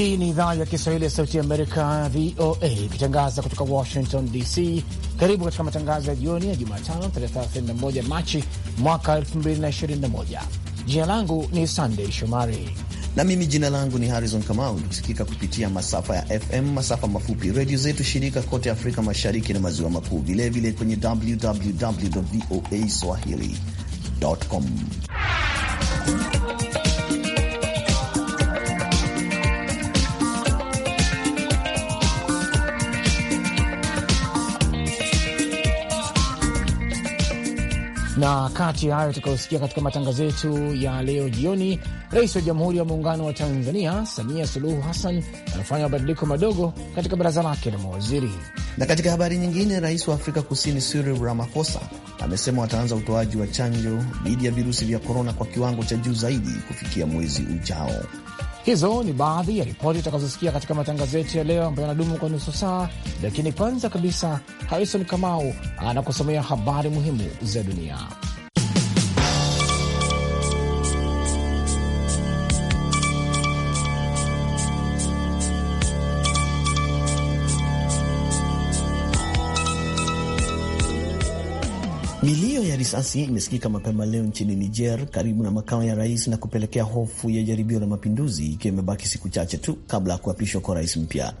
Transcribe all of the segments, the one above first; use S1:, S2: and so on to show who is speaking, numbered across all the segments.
S1: Hii ni idhaa ya Kiswahili ya Sauti ya Amerika, VOA, ikitangaza kutoka Washington DC. Karibu katika matangazo ya jioni ya Jumatano, 31 Machi mwaka 2021. Jina langu ni Sandey Shomari na
S2: mimi jina langu ni Harrison Kamau.
S1: Tukisikika kupitia masafa
S2: ya FM, masafa mafupi, redio zetu shirika kote Afrika Mashariki na Maziwa Makuu, vilevile kwenye www voa swahili com
S1: na kati ya hayo tutakayosikia katika matangazo yetu ya leo jioni, rais wa Jamhuri ya Muungano wa Tanzania Samia Suluhu Hassan anafanya mabadiliko madogo katika baraza lake la mawaziri. Na katika habari nyingine, rais wa Afrika Kusini Cyril
S2: Ramaphosa amesema wataanza utoaji wa chanjo dhidi ya virusi vya korona kwa kiwango cha juu zaidi kufikia mwezi ujao.
S1: Hizo ni baadhi ya ripoti utakazosikia katika matangazo yetu ya leo ambayo yanadumu kwa nusu saa, lakini kwanza kabisa, Harison Kamau anakusomea habari muhimu za dunia.
S2: risasi imesikika mapema leo nchini Niger karibu na makao ya rais na kupelekea hofu ya jaribio la mapinduzi ikiwa imebaki siku chache tu kabla ya kuapishwa kwa rais mpya.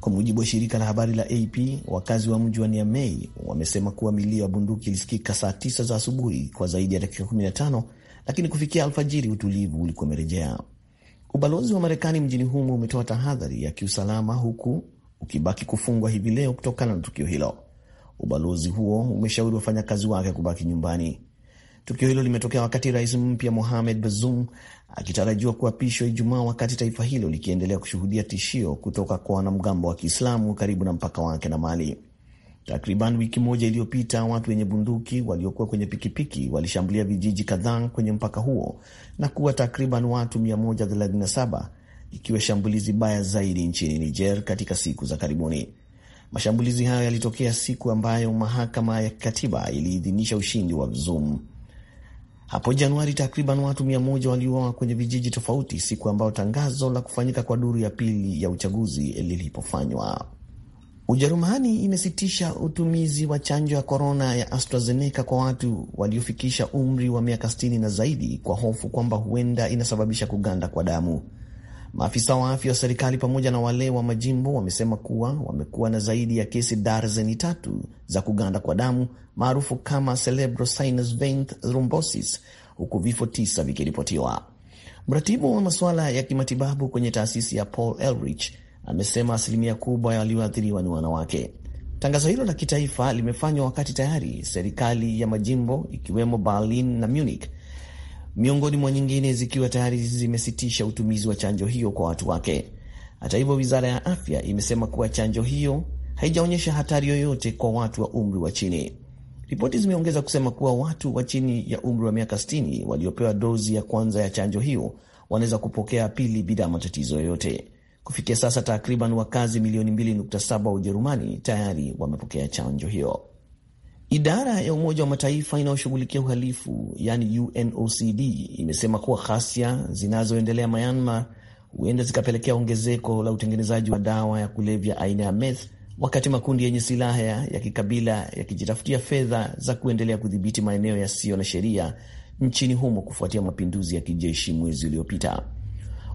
S2: Kwa mujibu wa shirika la habari la AP, wakazi wa mji wa Niamey wamesema kuwa milio ya bunduki ilisikika saa tisa za asubuhi kwa zaidi ya dakika 15, lakini kufikia alfajiri utulivu ulikuwa umerejea. Ubalozi wa Marekani mjini humo umetoa tahadhari ya kiusalama huku ukibaki kufungwa hivi leo kutokana na tukio hilo. Ubalozi huo umeshauri wafanyakazi wake kubaki nyumbani. Tukio hilo limetokea wakati rais mpya Mohamed Bazoum akitarajiwa kuapishwa Ijumaa, wakati taifa hilo likiendelea kushuhudia tishio kutoka kwa wanamgambo wa Kiislamu karibu na mpaka wake na Mali. Takriban wiki moja iliyopita, watu wenye bunduki waliokuwa kwenye pikipiki walishambulia vijiji kadhaa kwenye mpaka huo na kuwa takriban watu 137 ikiwa shambulizi baya zaidi nchini Niger katika siku za karibuni. Mashambulizi hayo yalitokea siku ambayo mahakama ya kikatiba iliidhinisha ushindi wa Zoum. Hapo Januari, takriban watu mia moja waliuawa kwenye vijiji tofauti, siku ambayo tangazo la kufanyika kwa duru ya pili ya uchaguzi lilipofanywa. Ujerumani imesitisha utumizi wa chanjo ya korona ya AstraZeneca kwa watu waliofikisha umri wa miaka 60 na zaidi kwa hofu kwamba huenda inasababisha kuganda kwa damu. Maafisa wa afya wa serikali pamoja na wale wa majimbo wamesema kuwa wamekuwa na zaidi ya kesi darzeni tatu za kuganda kwa damu maarufu kama cerebral sinus vein thrombosis, huku vifo tisa vikiripotiwa. Mratibu wa masuala ya kimatibabu kwenye taasisi ya Paul Elrich amesema asilimia kubwa ya walioathiriwa ni wanawake. Tangazo hilo la kitaifa limefanywa wakati tayari serikali ya majimbo ikiwemo Berlin na Munich miongoni mwa nyingine zikiwa tayari zimesitisha utumizi wa chanjo hiyo kwa watu wake. Hata hivyo, wizara ya afya imesema kuwa chanjo hiyo haijaonyesha hatari yoyote kwa watu wa umri wa chini. Ripoti zimeongeza kusema kuwa watu wa chini ya umri wa miaka 60 waliopewa dozi ya kwanza ya chanjo hiyo wanaweza kupokea pili bila matatizo yoyote. Kufikia sasa takriban wakazi milioni 2.7 wa Ujerumani tayari wamepokea chanjo hiyo. Idara ya Umoja wa Mataifa inayoshughulikia uhalifu yani UNOCD imesema kuwa ghasia zinazoendelea Myanmar huenda zikapelekea ongezeko la utengenezaji wa dawa ya kulevya aina ya meth, wakati makundi yenye silaha ya kikabila yakijitafutia fedha za kuendelea kudhibiti maeneo yasiyo na sheria nchini humo kufuatia mapinduzi ya kijeshi mwezi uliopita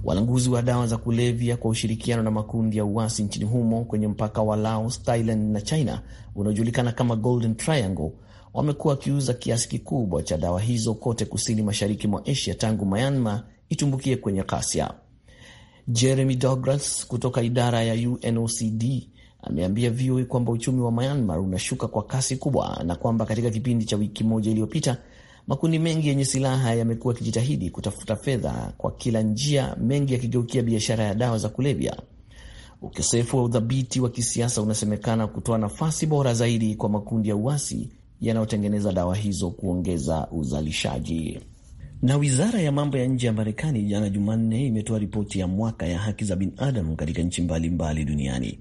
S2: walanguzi wa dawa za kulevya kwa ushirikiano na makundi ya uasi nchini humo kwenye mpaka wa Laos, Thailand na China unaojulikana kama Golden Triangle wamekuwa wakiuza kiasi kikubwa cha dawa hizo kote kusini mashariki mwa Asia tangu Myanmar itumbukie kwenye ghasia. Jeremy Douglas kutoka idara ya UNOCD ameambia VOA kwamba uchumi wa Myanmar unashuka kwa kasi kubwa na kwamba katika kipindi cha wiki moja iliyopita Makundi mengi yenye silaha yamekuwa yakijitahidi kutafuta fedha kwa kila njia, mengi yakigeukia biashara ya dawa za kulevya. Ukosefu wa udhabiti wa kisiasa unasemekana kutoa nafasi bora zaidi kwa makundi ya uasi yanayotengeneza dawa hizo kuongeza uzalishaji. Na wizara ya mambo ya nje ya Marekani jana Jumanne imetoa ripoti ya mwaka ya haki za binadamu katika nchi mbalimbali duniani.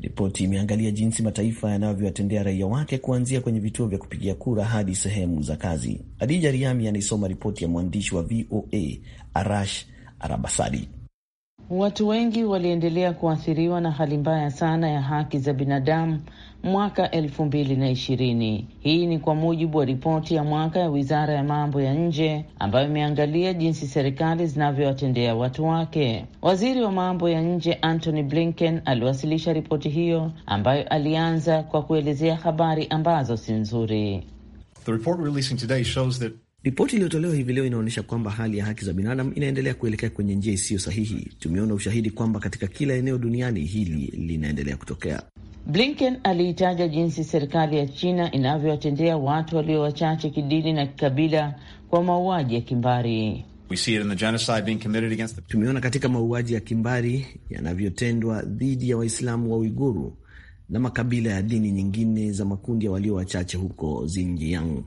S2: Ripoti imeangalia jinsi mataifa yanavyowatendea raia wake kuanzia kwenye vituo vya kupigia kura hadi sehemu za kazi. Adija Riami anaisoma ripoti ya mwandishi wa VOA Arash Arabasadi.
S3: Watu wengi waliendelea kuathiriwa na hali mbaya sana ya haki za binadamu mwaka elfu mbili na ishirini. Hii ni kwa mujibu wa ripoti ya mwaka ya wizara ya mambo ya nje ambayo imeangalia jinsi serikali zinavyowatendea watu wake. Waziri wa mambo ya nje Antony Blinken aliwasilisha ripoti hiyo ambayo alianza kwa kuelezea habari ambazo si
S2: nzuri. Ripoti iliyotolewa hivi leo inaonyesha kwamba hali ya haki za binadamu inaendelea kuelekea kwenye njia isiyo sahihi. Tumeona ushahidi kwamba katika kila eneo duniani hili linaendelea kutokea.
S3: Blinken aliitaja jinsi serikali ya China inavyowatendea watu walio wachache kidini na kikabila kwa mauaji ya kimbari.
S2: Tumeona katika mauaji ya kimbari yanavyotendwa dhidi ya Waislamu wa Uiguru na makabila ya dini nyingine za makundi ya walio wachache huko Xinjiang.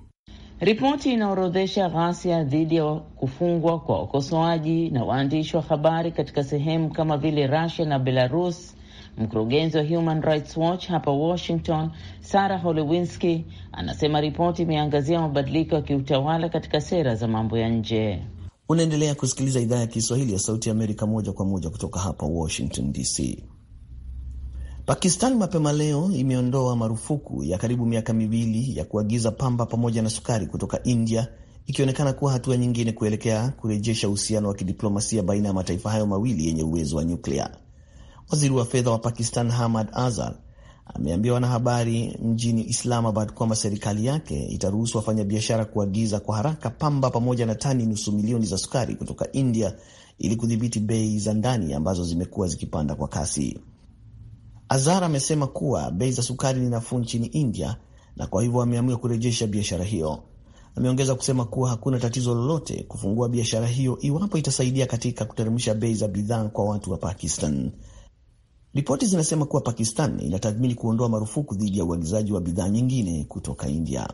S3: Ripoti inaorodhesha ghasia dhidi ya kufungwa kwa wakosoaji na waandishi wa habari katika sehemu kama vile Russia na Belarus Mkurugenzi wa Human Rights Watch hapa Washington, Sarah Holewinski, anasema ripoti imeangazia mabadiliko ya kiutawala katika sera za mambo ya nje.
S2: Unaendelea kusikiliza idhaa ya Kiswahili ya Sauti ya Amerika moja kwa moja kutoka hapa Washington DC. Pakistan mapema leo imeondoa marufuku ya karibu miaka miwili ya kuagiza pamba pamoja na sukari kutoka India, ikionekana kuwa hatua nyingine kuelekea kurejesha uhusiano wa kidiplomasia baina ya mataifa hayo mawili yenye uwezo wa nyuklia. Waziri wa fedha wa Pakistan Hamad azar ameambia wanahabari mjini Islamabad kwamba serikali yake itaruhusu wafanyabiashara kuagiza kwa haraka pamba pamoja na tani nusu milioni za sukari kutoka India ili kudhibiti bei za ndani ambazo zimekuwa zikipanda kwa kasi. azar amesema kuwa bei za sukari ni nafuu nchini India na kwa hivyo ameamua kurejesha biashara hiyo. Ameongeza kusema kuwa hakuna tatizo lolote kufungua biashara hiyo iwapo itasaidia katika kuteremsha bei za bidhaa kwa watu wa Pakistan. Ripoti zinasema kuwa Pakistan inatathmini kuondoa marufuku dhidi ya uagizaji wa bidhaa nyingine kutoka India.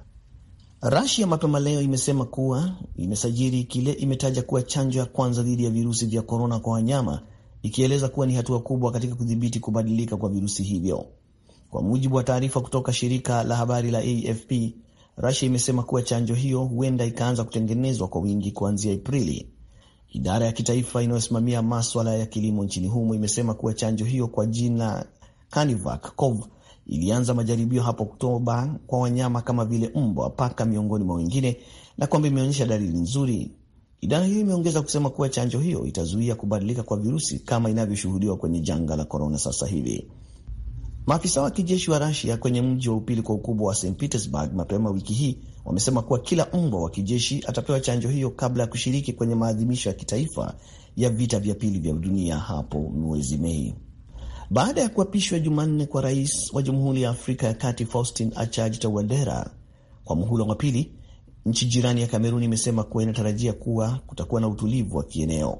S2: Rasia mapema leo imesema kuwa imesajili kile imetaja kuwa chanjo ya kwanza dhidi ya virusi vya korona kwa wanyama, ikieleza kuwa ni hatua kubwa katika kudhibiti kubadilika kwa virusi hivyo. Kwa mujibu wa taarifa kutoka shirika la habari la AFP, Rasia imesema kuwa chanjo hiyo huenda ikaanza kutengenezwa kwa wingi kuanzia Aprili Idara ya kitaifa inayosimamia maswala ya kilimo nchini humo imesema kuwa chanjo hiyo kwa jina Canivac Cov ilianza majaribio hapo Oktoba kwa wanyama kama vile mbwa, paka miongoni mwa wengine, na kwamba imeonyesha dalili nzuri. Idara hiyo imeongeza kusema kuwa chanjo hiyo itazuia kubadilika kwa virusi kama inavyoshuhudiwa kwenye janga la korona sasa hivi. Maafisa wa kijeshi wa Rasia kwenye mji wa upili kwa ukubwa wa St Petersburg mapema wiki hii wamesema kuwa kila mbwa wa kijeshi atapewa chanjo hiyo kabla ya kushiriki kwenye maadhimisho ya kitaifa ya vita vya pili vya dunia hapo mwezi Mei. Baada ya kuapishwa Jumanne kwa rais wa Jamhuri ya Afrika ya Kati Faustin Archange Touadera kwa muhula wa pili, nchi jirani ya Kamerun imesema kuwa inatarajia kuwa kutakuwa na utulivu wa kieneo.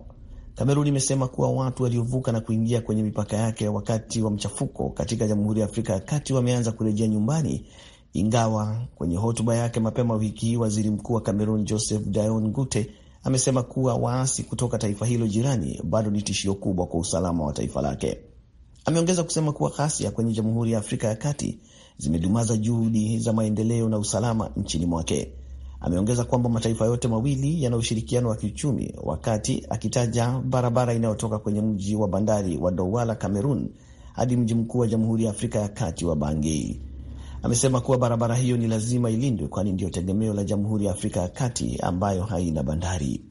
S2: Kamerun imesema kuwa watu waliovuka na kuingia kwenye mipaka yake wakati wa mchafuko katika Jamhuri ya Afrika ya Kati wameanza kurejea nyumbani, ingawa kwenye hotuba yake mapema wiki hii waziri mkuu wa Kamerun Joseph Dion Ngute amesema kuwa waasi kutoka taifa hilo jirani bado ni tishio kubwa kwa usalama wa taifa lake. Ameongeza kusema kuwa ghasia kwenye Jamhuri ya Afrika ya Kati zimedumaza juhudi za maendeleo na usalama nchini mwake. Ameongeza kwamba mataifa yote mawili yana ushirikiano wa kiuchumi, wakati akitaja barabara inayotoka kwenye mji wa bandari wa Douala, Cameroon, hadi mji mkuu wa Jamhuri ya Afrika ya Kati wa Bangui. Amesema kuwa barabara hiyo ni lazima ilindwe, kwani ndiyo tegemeo la Jamhuri ya Afrika ya Kati ambayo haina bandari.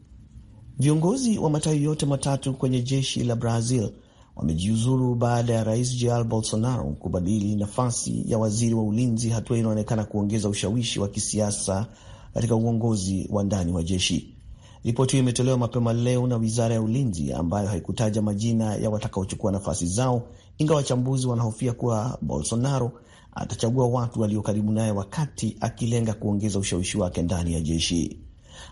S2: Viongozi wa matawi yote matatu kwenye jeshi la Brazil wamejiuzuru baada ya rais Jair Bolsonaro kubadili nafasi ya waziri wa ulinzi, hatua inaonekana kuongeza ushawishi wa kisiasa katika uongozi wa ndani wa jeshi. Ripoti hiyo imetolewa mapema leo na wizara ya ulinzi ambayo haikutaja majina ya watakaochukua nafasi zao, ingawa wachambuzi wanahofia kuwa Bolsonaro atachagua watu walio karibu naye, wakati akilenga kuongeza ushawishi wake ndani ya jeshi.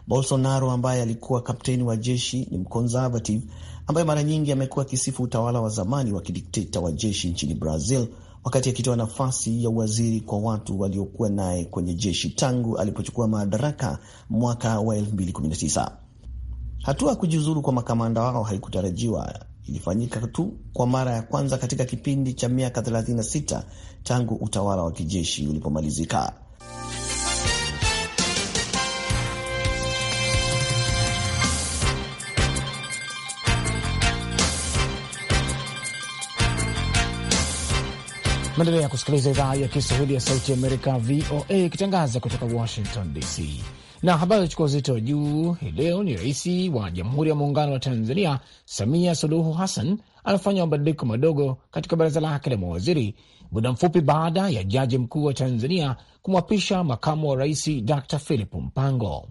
S2: Bolsonaro ambaye alikuwa kapteni wa jeshi ni mconservative ambaye mara nyingi amekuwa akisifu utawala wa zamani wa kidikteta wa jeshi nchini Brazil wakati akitoa nafasi ya uwaziri kwa watu waliokuwa naye kwenye jeshi tangu alipochukua madaraka mwaka wa 2019. Hatua ya kujiuzulu kwa makamanda wao haikutarajiwa, ilifanyika tu kwa mara ya kwanza katika kipindi cha miaka 36 tangu utawala wa kijeshi ulipomalizika.
S1: Maendelea kusikiliza idhaa ya Kiswahili ya Sauti Amerika, VOA, ikitangaza kutoka Washington DC. Na habari chukua uzito wa juu hii leo ni rais wa Jamhuri ya Muungano wa Tanzania, Samia Suluhu Hassan, anafanya mabadiliko madogo katika baraza lake la mawaziri muda mfupi baada ya jaji mkuu wa Tanzania kumwapisha makamu wa rais Dr Philip Mpango.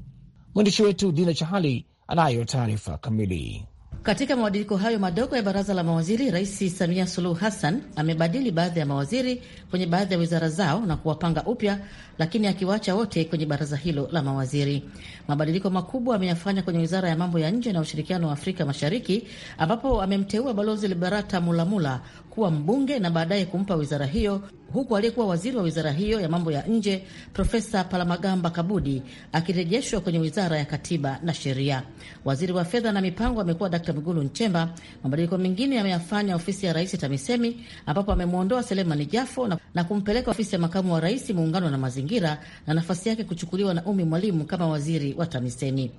S1: Mwandishi wetu Dina Chahali anayo taarifa kamili.
S4: Katika mabadiliko hayo madogo ya baraza la mawaziri, Rais Samia Suluhu Hassan amebadili baadhi ya mawaziri kwenye baadhi ya wizara zao na kuwapanga upya, lakini akiwaacha wote kwenye baraza hilo la mawaziri. Mabadiliko makubwa ameyafanya kwenye wizara ya mambo ya nje na ushirikiano wa Afrika Mashariki, ambapo amemteua Balozi Liberata Mulamula kuwa mbunge na baadaye kumpa wizara hiyo, huku aliyekuwa waziri wa wizara hiyo ya mambo ya nje Profesa Palamagamba Kabudi akirejeshwa kwenye wizara ya katiba na sheria. Waziri wa fedha na mipango amekuwa Dkt Migulu Nchemba. Mabadiliko mengine yameyafanya ofisi ya rais TAMISEMI, ambapo amemwondoa Selemani Jafo na kumpeleka ofisi ya makamu wa rais muungano na mazingira, na nafasi yake kuchukuliwa na Umi Mwalimu kama waziri wa TAMISEMI.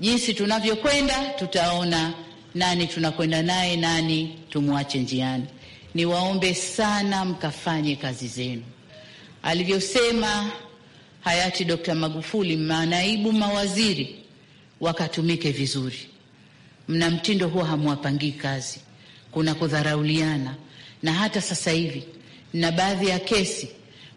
S4: Jinsi tunavyokwenda
S5: tutaona nani tunakwenda naye, nani tumwache njiani niwaombe sana mkafanye kazi zenu. Alivyosema hayati Dr. Magufuli, manaibu mawaziri wakatumike vizuri. Mna mtindo huwa hamwapangii kazi, kuna kudharauliana, na hata sasa hivi na baadhi ya kesi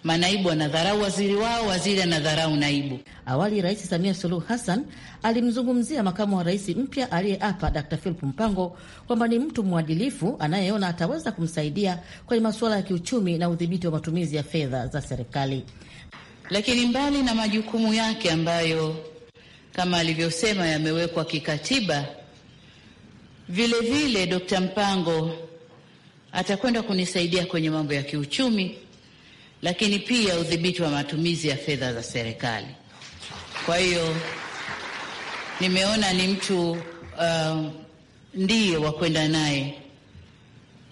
S5: Manaibu anadharau waziri wao, waziri anadharau
S4: naibu. Awali Rais Samia Suluhu Hassan alimzungumzia makamu wa rais mpya aliyeapa d Philip Mpango kwamba ni mtu mwadilifu anayeona ataweza kumsaidia kwenye masuala ya kiuchumi na udhibiti wa matumizi ya fedha za serikali. Lakini mbali
S5: na majukumu yake ambayo kama alivyosema yamewekwa kikatiba, vilevile Dkt. Mpango atakwenda kunisaidia kwenye mambo ya kiuchumi lakini pia udhibiti wa matumizi ya fedha za serikali. Kwa hiyo nimeona ni mtu uh, ndiye wa kwenda naye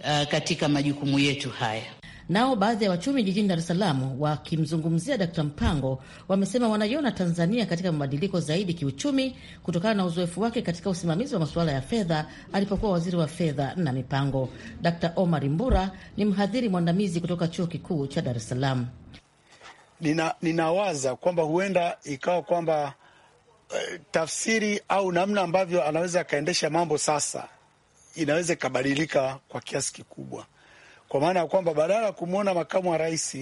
S5: uh, katika majukumu yetu
S4: haya. Nao baadhi ya wachumi jijini Dar es Salaam wakimzungumzia Dkt Mpango wamesema wanaiona Tanzania katika mabadiliko zaidi kiuchumi kutokana na uzoefu wake katika usimamizi wa masuala ya fedha alipokuwa waziri wa fedha na mipango. Dkt Omar Mbura ni mhadhiri mwandamizi kutoka chuo kikuu cha Dar es Salaam.
S6: Nina, ninawaza kwamba huenda ikawa kwamba uh, tafsiri au namna ambavyo anaweza akaendesha mambo sasa inaweza ikabadilika kwa kiasi kikubwa kwa maana ya kwamba badala ya kumwona makamu wa rais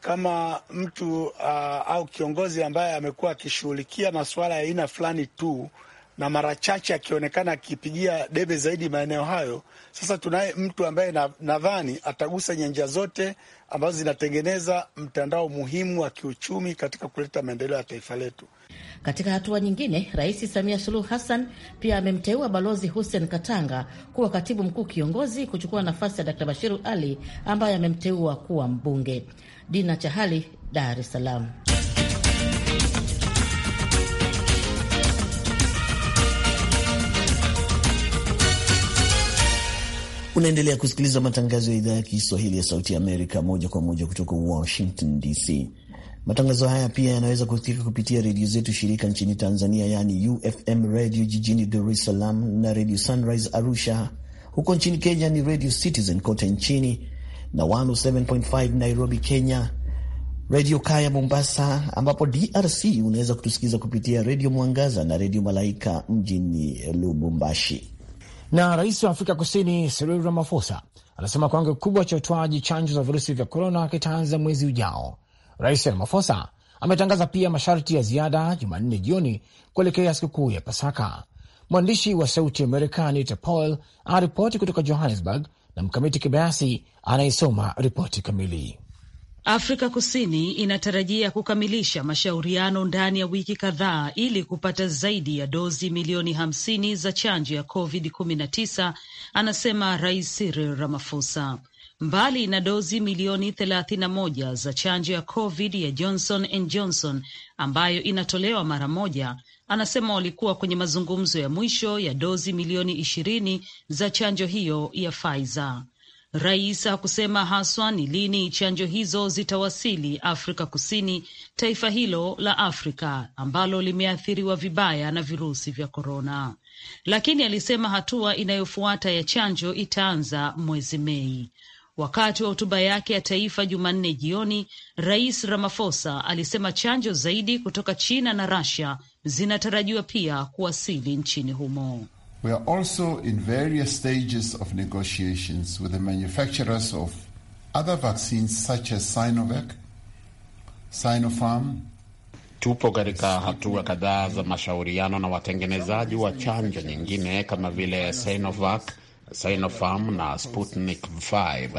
S6: kama mtu uh, au kiongozi ambaye amekuwa akishughulikia masuala ya aina fulani tu na mara chache akionekana akipigia debe zaidi maeneo hayo. Sasa tunaye mtu ambaye nadhani atagusa nyanja zote ambazo zinatengeneza mtandao muhimu wa kiuchumi katika kuleta maendeleo ya taifa letu.
S4: Katika hatua nyingine, Rais Samia Suluhu Hassan pia amemteua Balozi Hussein Katanga kuwa katibu mkuu kiongozi kuchukua nafasi ya Dkt. Bashiru Ali ambaye amemteua kuwa mbunge. Dina Chahali, Dar es Salaam.
S2: Unaendelea kusikiliza matangazo ya idhaa ya Kiswahili ya Sauti ya Amerika moja kwa moja kutoka Washington DC. Matangazo haya pia yanaweza kusikika kupitia redio zetu shirika nchini Tanzania, yaani UFM redio jijini Dar es Salaam na redio Sunrise Arusha. Huko nchini Kenya ni redio Citizen kote nchini na 107.5 Nairobi, Kenya, redio Kaya Mombasa, ambapo DRC unaweza kutusikiza kupitia redio Mwangaza na redio Malaika mjini Lubumbashi.
S1: Na rais wa Afrika Kusini Cyril Ramaphosa anasema kiwango kikubwa cha utoaji chanjo za virusi vya korona kitaanza mwezi ujao Rais Ramaphosa ametangaza pia masharti ya ziada Jumanne jioni kuelekea sikukuu ya Pasaka. Mwandishi wa Sauti Amerika Anita Paul anaripoti kutoka Johannesburg na Mkamiti Kibayasi anayesoma ripoti kamili.
S7: Afrika Kusini inatarajia kukamilisha mashauriano ndani ya wiki kadhaa ili kupata zaidi ya dozi milioni hamsini za chanjo ya COVID-19, anasema Rais Cyril Ramaphosa. Mbali na dozi milioni moja za chanjo ya COVID ya Johnson and Johnson ambayo inatolewa mara moja, anasema walikuwa kwenye mazungumzo ya mwisho ya dozi milioni ishirini za chanjo hiyo ya Pfizer. Rais hakusema haswa ni lini chanjo hizo zitawasili Afrika Kusini, taifa hilo la Afrika ambalo limeathiriwa vibaya na virusi vya korona, lakini alisema hatua inayofuata ya chanjo itaanza mwezi Mei. Wakati wa hotuba yake ya taifa Jumanne jioni, Rais Ramaphosa alisema chanjo zaidi kutoka China na Russia zinatarajiwa pia kuwasili nchini humo. We are also in various stages of negotiations with the manufacturers of other vaccines such as Sinovac, Sinopharm.
S8: Tupo katika hatua kadhaa za mashauriano na watengenezaji wa chanjo nyingine kama vile Sinovac Sinopharm na Sputnik V.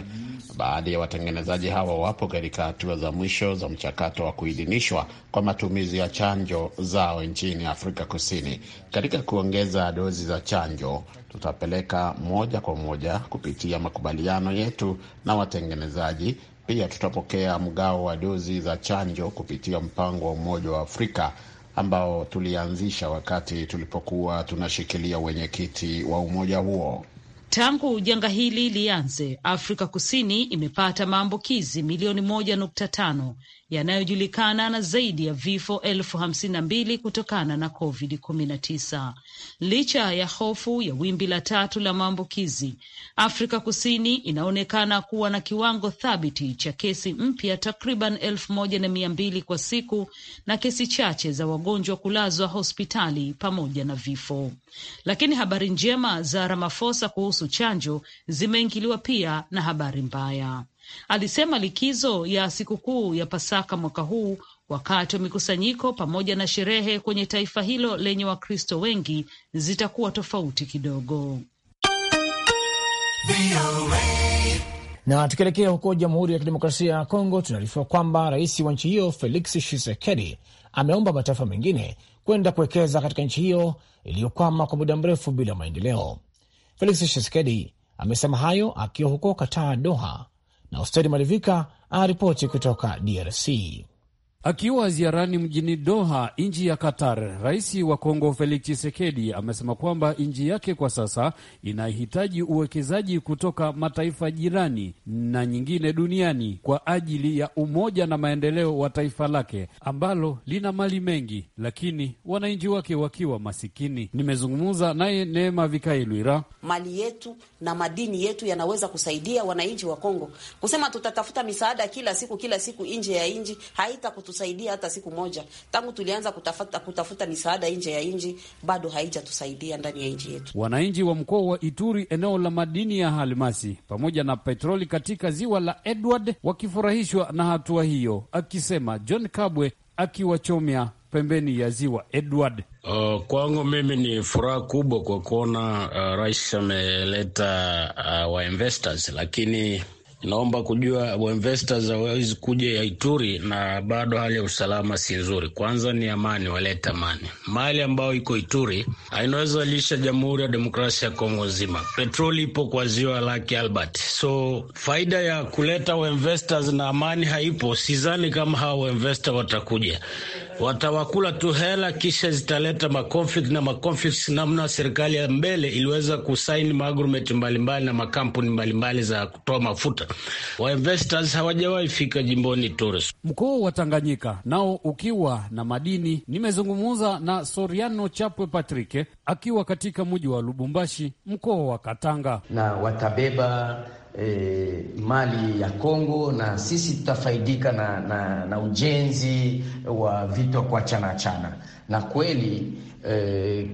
S8: Baadhi ya watengenezaji hawa wapo katika hatua za mwisho za mchakato wa kuidhinishwa kwa matumizi ya chanjo zao nchini Afrika Kusini. Katika kuongeza dozi za chanjo, tutapeleka moja kwa moja kupitia makubaliano yetu na watengenezaji. Pia tutapokea mgao wa dozi za chanjo kupitia mpango wa Umoja wa Afrika ambao tulianzisha wakati tulipokuwa tunashikilia wenyekiti wa umoja huo.
S7: Tangu janga hili lianze, Afrika Kusini imepata maambukizi milioni moja nukta tano yanayojulikana na zaidi ya vifo elfu hamsini na mbili kutokana na COVID-19. Licha ya hofu ya wimbi la tatu la maambukizi, Afrika Kusini inaonekana kuwa na kiwango thabiti cha kesi mpya takriban elfu moja na mia mbili kwa siku na kesi chache za wagonjwa kulazwa hospitali pamoja na vifo. Lakini habari njema za ramafosa kuhusu chanjo zimeingiliwa pia na habari mbaya. Alisema likizo ya sikukuu ya Pasaka mwaka huu wakati wa mikusanyiko pamoja na sherehe kwenye taifa hilo lenye Wakristo wengi zitakuwa tofauti
S1: kidogo. Na tukielekea huko Jamhuri ya Kidemokrasia ya Kongo, tunaarifiwa kwamba rais wa nchi hiyo Felix Tshisekedi ameomba mataifa mengine kwenda kuwekeza katika nchi hiyo iliyokwama kwa muda mrefu bila maendeleo. Felix Tshisekedi amesema hayo akiwa huko Kataa, Doha, na Ustedi Malivika anaripoti kutoka DRC.
S8: Akiwa ziarani mjini Doha, nchi ya Qatar, rais wa Kongo Felix Tshisekedi amesema kwamba nchi yake kwa sasa inahitaji uwekezaji kutoka mataifa jirani na nyingine duniani kwa ajili ya umoja na maendeleo wa taifa lake ambalo lina mali mengi, lakini wananchi wake wakiwa masikini. Nimezungumza naye Neema Vikailwira.
S4: Mali yetu na madini yetu yanaweza kusaidia wananchi wa Kongo, kusema tutatafuta misaada kila siku kila siku nje ya nchi haita kutu haikutusaidia hata siku moja. Tangu tulianza kutafuta, kutafuta misaada nje ya nchi bado haijatusaidia ndani ya nchi
S8: yetu. Wananchi wa mkoa wa Ituri, eneo la madini ya halmasi pamoja na petroli katika ziwa la Edward wakifurahishwa na hatua hiyo, akisema John Kabwe akiwachomea pembeni ya ziwa Edward. Uh, kwangu mimi ni furaha kubwa kwa kuona uh, rais ameleta uh, wainvestors lakini
S1: Naomba kujua investors hawawezi kuja ya Ituri na bado hali ya usalama si nzuri. Kwanza ni amani, walete amani mali ambayo iko Ituri inaweza lisha Jamhuri ya Demokrasia ya Kongo nzima. Petroli ipo kwa ziwa lake Albert, so faida ya kuleta investors na amani haipo. Sizani kama hawa investor watakuja watawakula tu hela kisha zitaleta makonflikt na makonflikt, namna serikali ya mbele iliweza kusaini maagreement mbalimbali na makampuni mbalimbali za kutoa mafuta investors hawajawahi fika jimboni Torres.
S8: Mkoa wa Tanganyika nao ukiwa na madini. Nimezungumza na Soriano Chapwe Patrick akiwa katika mji wa Lubumbashi, mkoa wa Katanga, na
S1: watabeba
S8: E, mali
S1: ya Kongo na sisi tutafaidika na, na, na ujenzi wa vitu kwa chana na kweli e,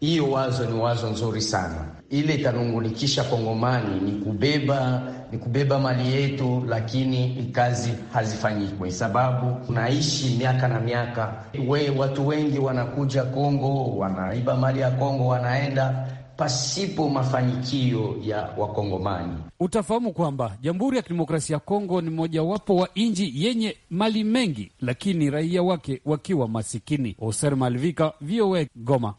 S1: hiyo e, wazo ni wazo nzuri sana ile itanungunikisha Kongomani ni kubeba ni kubeba mali yetu, lakini kazi hazifanyiki kwa sababu tunaishi miaka na miaka. We, watu wengi wanakuja Kongo wanaiba mali ya Kongo wanaenda pasipo mafanikio ya Wakongomani.
S8: Utafahamu kwamba Jamhuri ya Kidemokrasia ya Kongo ni mojawapo wa nchi yenye mali mengi, lakini raia wake wakiwa masikini. Oser Malvika, VOA Goma.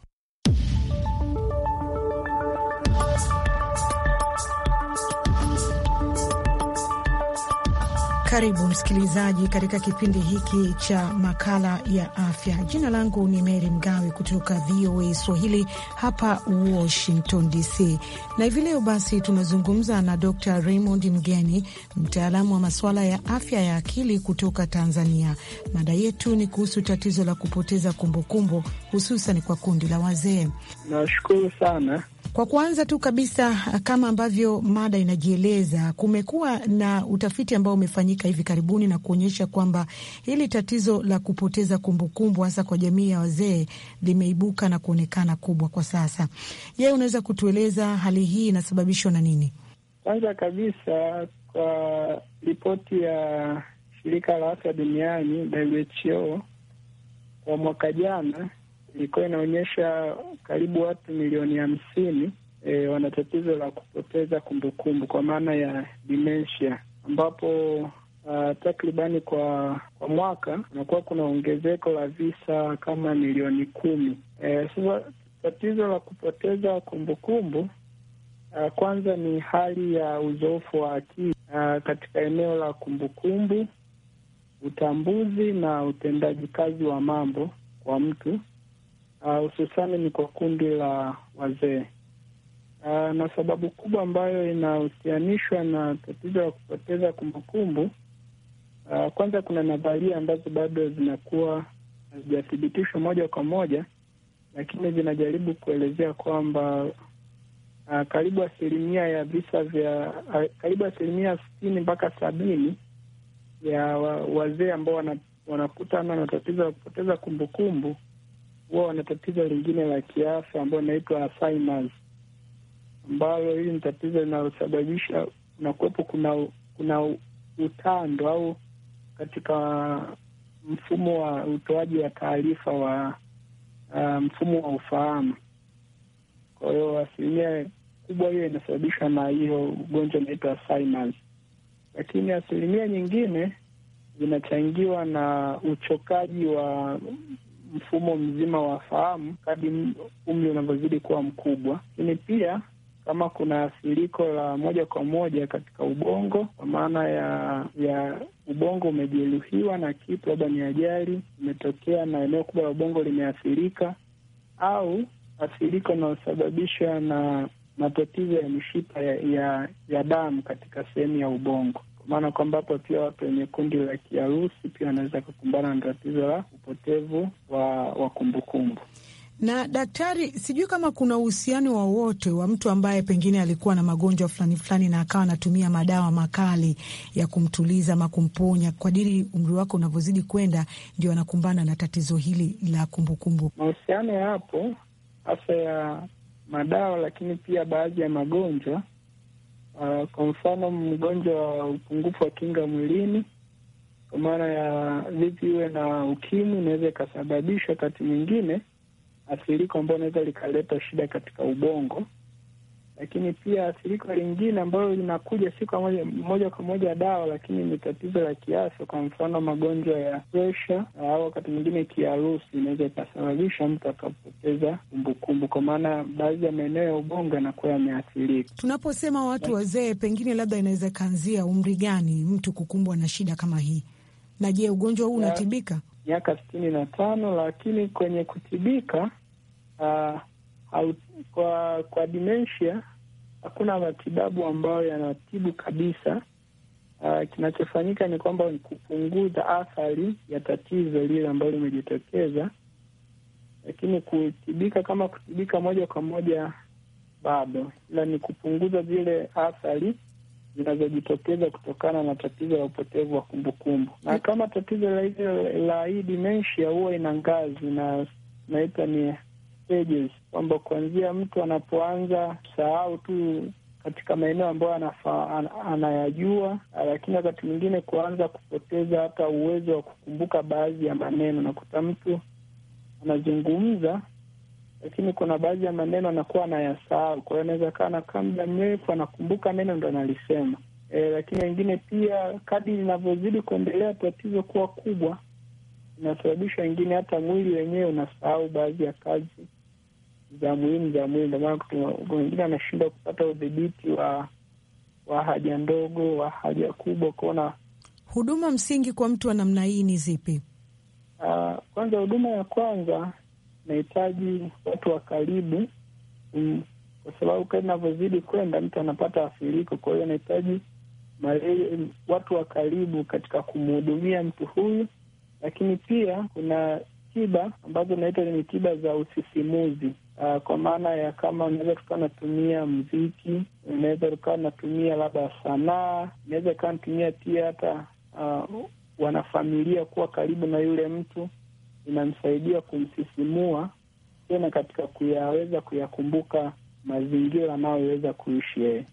S9: Karibu msikilizaji katika kipindi hiki cha makala ya afya. Jina langu ni Mary Mgawe kutoka VOA Swahili hapa Washington DC, na hivi leo basi tunazungumza na Dr Raymond Mgeni, mtaalamu wa masuala ya afya ya akili kutoka Tanzania. Mada yetu ni kuhusu tatizo la kupoteza kumbukumbu, hususan kwa kundi la wazee.
S6: Nashukuru sana
S9: kwa kuanza tu kabisa, kama ambavyo mada inajieleza, kumekuwa na utafiti ambao umefanyika hivi karibuni na kuonyesha kwamba hili tatizo la kupoteza kumbukumbu hasa kwa jamii ya wazee limeibuka na kuonekana kubwa kwa sasa. Yeye, unaweza kutueleza hali hii inasababishwa na nini?
S6: Kwanza kabisa, kwa ripoti ya shirika la afya duniani WHO kwa mwaka jana ilikuwa inaonyesha karibu watu milioni hamsini e, wana tatizo la kupoteza kumbukumbu kwa maana ya dementia, ambapo uh, takribani kwa kwa mwaka kunakuwa kuna ongezeko la visa kama milioni kumi. E, sasa tatizo la kupoteza kumbukumbu uh, kwanza ni hali ya uzoefu wa akili uh, katika eneo la kumbukumbu, utambuzi na utendaji kazi wa mambo kwa mtu hususani ah, uh, ni kwa kundi la wazee uh, na sababu kubwa ambayo inahusianishwa na tatizo la kupoteza kumbukumbu uh, kwanza kuna nadharia ambazo bado zinakuwa hazijathibitishwa moja kwa moja, lakini zinajaribu kuelezea kwamba uh, karibu asilimia ya visa vya uh, karibu asilimia sitini mpaka sabini ya wazee ambao wanakutana na tatizo la kupoteza kumbukumbu huwa wana tatizo lingine la kiafya ambayo inaitwa Alzheimer's, ambalo hili ni tatizo linalosababisha unakuwepo kuna kuna utando au katika mfumo wa utoaji wa taarifa wa uh, mfumo wa ufahamu. Kwa hiyo asilimia kubwa hiyo inasababishwa na hiyo ugonjwa unaitwa Alzheimer's, lakini asilimia nyingine zinachangiwa na uchokaji wa mfumo mzima wa fahamu kadi umri unavyozidi kuwa mkubwa, lakini pia kama kuna siliko la moja kwa moja katika ubongo kwa maana ya ya ubongo umejeruhiwa na kitu, labda ni ajali imetokea na eneo kubwa la ubongo limeathirika, au athiriko inayosababishwa na matatizo ya mishipa ya, ya, ya damu katika sehemu ya ubongo maana kwamba hapo pia watu wenye kundi la kiharusi pia wanaweza kukumbana na tatizo la upotevu wa kumbukumbu
S9: na daktari, sijui kama kuna uhusiano wowote wa mtu ambaye pengine alikuwa na magonjwa fulani fulani na akawa anatumia madawa makali ya kumtuliza ama kumponya, kwa kadiri umri wake unavyozidi kwenda, ndio anakumbana na tatizo hili la kumbukumbu.
S6: Mahusiano yapo hasa ya madawa, lakini pia baadhi ya magonjwa Uh, kwa mfano mgonjwa wa upungufu wa kinga mwilini, kwa maana ya vipi iwe na ukimwi, inaweza ikasababisha wakati mwingine athiriko ambayo inaweza likaleta shida katika ubongo lakini pia athirika lingine ambayo linakuja si kwa moja, moja kwa moja dawa, lakini ni tatizo la kiafya. Kwa mfano magonjwa ya presha au wakati mwingine kiharusi inaweza ikasababisha mtu akapoteza kumbukumbu, kwa maana baadhi ya maeneo ya ubongo yanakuwa yameathirika.
S9: Tunaposema watu wazee, pengine labda inaweza ikaanzia umri gani mtu kukumbwa na shida kama hii? Na je, ugonjwa huu unatibika?
S6: miaka sitini na tano, lakini kwenye kutibika uh, au kwa kwa dementia hakuna matibabu ambayo yanatibu kabisa. Uh, kinachofanyika ni kwamba ni kupunguza athari ya tatizo lile ambalo limejitokeza, lakini kutibika kama kutibika moja kwa moja bado, ila ni kupunguza zile athari zinazojitokeza kutokana na tatizo la upotevu wa kumbukumbu -kumbu. Na kama tatizo la hii dementia huwa ina ngazi na naita ni stages, kwamba kuanzia mtu anapoanza sahau tu katika maeneo ambayo an, anayajua, ah, lakini wakati mwingine kuanza kupoteza hata uwezo wa kukumbuka baadhi ya maneno. Nakuta mtu anazungumza, lakini kuna baadhi ya maneno anakuwa anayasahau. Kwa hiyo anaweza kaa anakaa muda mrefu anakumbuka neno ndo analisema. E, lakini wengine pia kadi linavyozidi kuendelea tatizo kuwa kubwa, inasababisha wengine hata mwili wenyewe unasahau baadhi ya kazi za muhimu za mwili. Ndio maana wengine anashindwa kupata udhibiti wa wa haja ndogo, wa haja kubwa. Kuona
S9: huduma msingi kwa mtu wa namna hii ni zipi? Uh, kwanza,
S6: huduma ya kwanza inahitaji watu wa karibu, um, kwa sababu kadi inavyozidi kwenda mtu anapata afiriko. Kwa hiyo anahitaji watu wa karibu katika kumhudumia mtu huyu, lakini pia kuna tiba ambazo inaitwa ni tiba za usisimuzi. Uh, kwa maana ya kama unaweza tukawa natumia mziki, unaweza tukawa natumia labda sanaa, unaweza ikawa natumia pia hata uh, wanafamilia kuwa karibu na yule mtu, inamsaidia kumsisimua tena katika kuyaweza kuyakumbuka mazingira anayoweza kuishi yeye.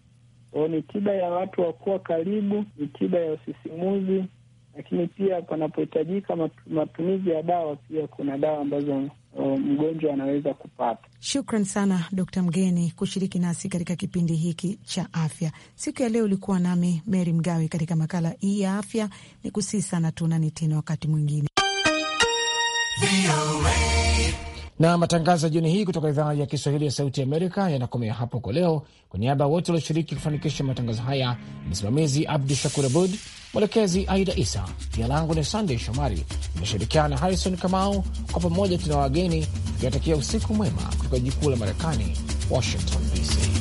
S6: Kwao ni tiba ya watu wa kuwa karibu, ni tiba ya usisimuzi, lakini pia panapohitajika matumizi ya dawa, pia kuna dawa ambazo Um, mgonjwa anaweza kupata.
S9: Shukran sana Dkt. Mgeni kushiriki nasi katika kipindi hiki cha afya siku ya leo. Ulikuwa nami Mary Mgawe katika makala hii ya afya. Ni kusii sana, tuonane tena wakati mwingine.
S1: Na matangazo ya jioni hii kutoka idhaa ya Kiswahili ya Sauti Amerika yanakomea hapo kwa leo. Kwa niaba ya wote walioshiriki kufanikisha matangazo haya, msimamizi Abdu Shakur Abud, mwelekezi Aida Isa, jina langu ni Sandey Shomari, imeshirikiana na Harrison Kamau. Kwa pamoja tuna wageni tukiwatakia usiku mwema kutoka jikuu la Marekani, Washington DC.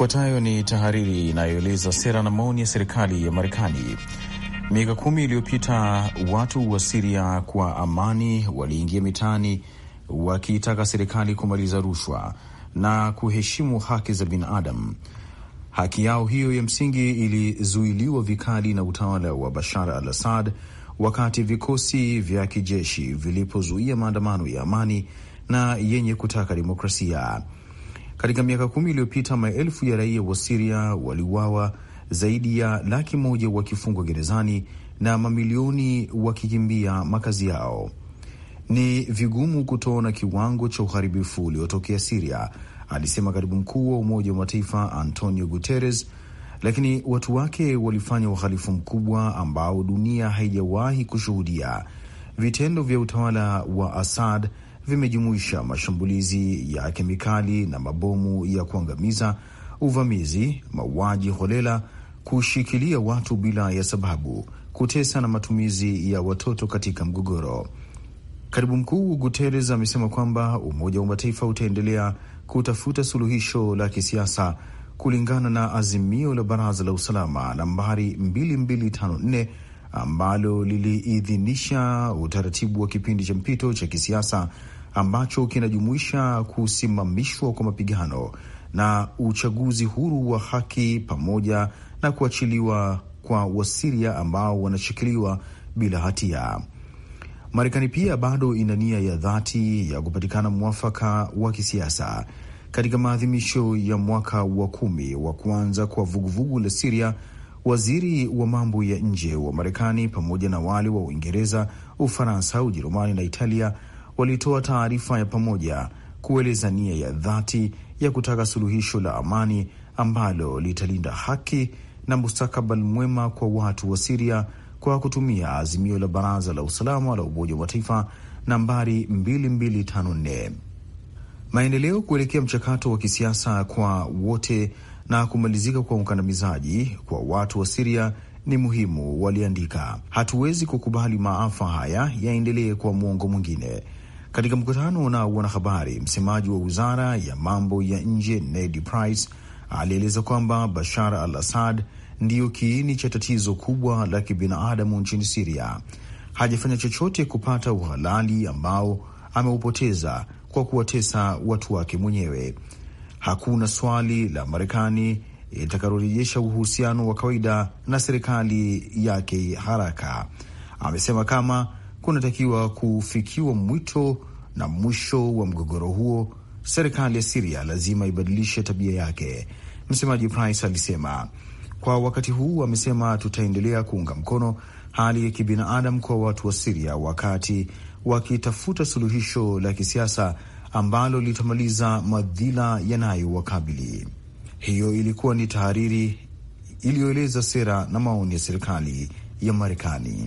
S10: Ifuatayo ni tahariri inayoeleza sera na maoni ya serikali ya Marekani. Miaka kumi iliyopita watu wa Siria kwa amani waliingia mitaani wakiitaka serikali kumaliza rushwa na kuheshimu haki za binadamu. Haki yao hiyo ya msingi ilizuiliwa vikali na utawala wa Bashar al Assad wakati vikosi vya kijeshi vilipozuia maandamano ya amani na yenye kutaka demokrasia. Katika miaka kumi iliyopita maelfu ya raia wa Siria waliuawa, zaidi ya laki moja wakifungwa gerezani na mamilioni wakikimbia makazi yao. Ni vigumu kutoona kiwango cha uharibifu uliotokea Siria, alisema katibu mkuu wa Umoja wa Mataifa Antonio Guterres, lakini watu wake walifanya uhalifu mkubwa ambao dunia haijawahi kushuhudia. Vitendo vya utawala wa Assad vimejumuisha mashambulizi ya kemikali na mabomu ya kuangamiza, uvamizi, mauaji holela, kushikilia watu bila ya sababu, kutesa na matumizi ya watoto katika mgogoro. Katibu Mkuu Guterres amesema kwamba Umoja wa Mataifa utaendelea kutafuta suluhisho la kisiasa kulingana na azimio la Baraza la Usalama nambari 2254 ambalo liliidhinisha utaratibu wa kipindi cha mpito cha kisiasa ambacho kinajumuisha kusimamishwa kwa mapigano na uchaguzi huru wa haki pamoja na kuachiliwa kwa Wasiria ambao wanashikiliwa bila hatia. Marekani pia bado ina nia ya dhati ya kupatikana mwafaka wa kisiasa katika maadhimisho ya mwaka wa kumi wa kuanza kwa vuguvugu la Siria Waziri wa mambo ya nje wa Marekani pamoja na wale wa Uingereza, Ufaransa, Ujerumani na Italia walitoa taarifa ya pamoja kueleza nia ya dhati ya kutaka suluhisho la amani ambalo litalinda haki na mustakabali mwema kwa watu wa Siria kwa kutumia azimio la Baraza la Usalama la Umoja wa Mataifa nambari 2254. Maendeleo kuelekea mchakato wa kisiasa kwa wote na kumalizika kwa ukandamizaji kwa watu wa Siria ni muhimu, waliandika. Hatuwezi kukubali maafa haya yaendelee kwa mwongo mwingine. Katika mkutano na wanahabari, msemaji wa wizara ya mambo ya nje Ned Price alieleza kwamba Bashar al Assad ndiyo kiini cha tatizo kubwa la kibinadamu nchini Siria. Hajafanya chochote kupata uhalali ambao ameupoteza kwa kuwatesa watu wake mwenyewe hakuna swali la Marekani itakalorejesha uhusiano wa kawaida na serikali yake haraka. Amesema kama kunatakiwa kufikiwa mwito na mwisho wa mgogoro huo, serikali ya Siria lazima ibadilishe tabia yake. Msemaji Price alisema kwa wakati huu, amesema tutaendelea kuunga mkono hali ya kibinadamu kwa watu wa Siria wakati wakitafuta suluhisho la kisiasa ambalo litamaliza madhila yanayowakabili. Hiyo ilikuwa ni tahariri iliyoeleza sera na maoni ya serikali ya Marekani.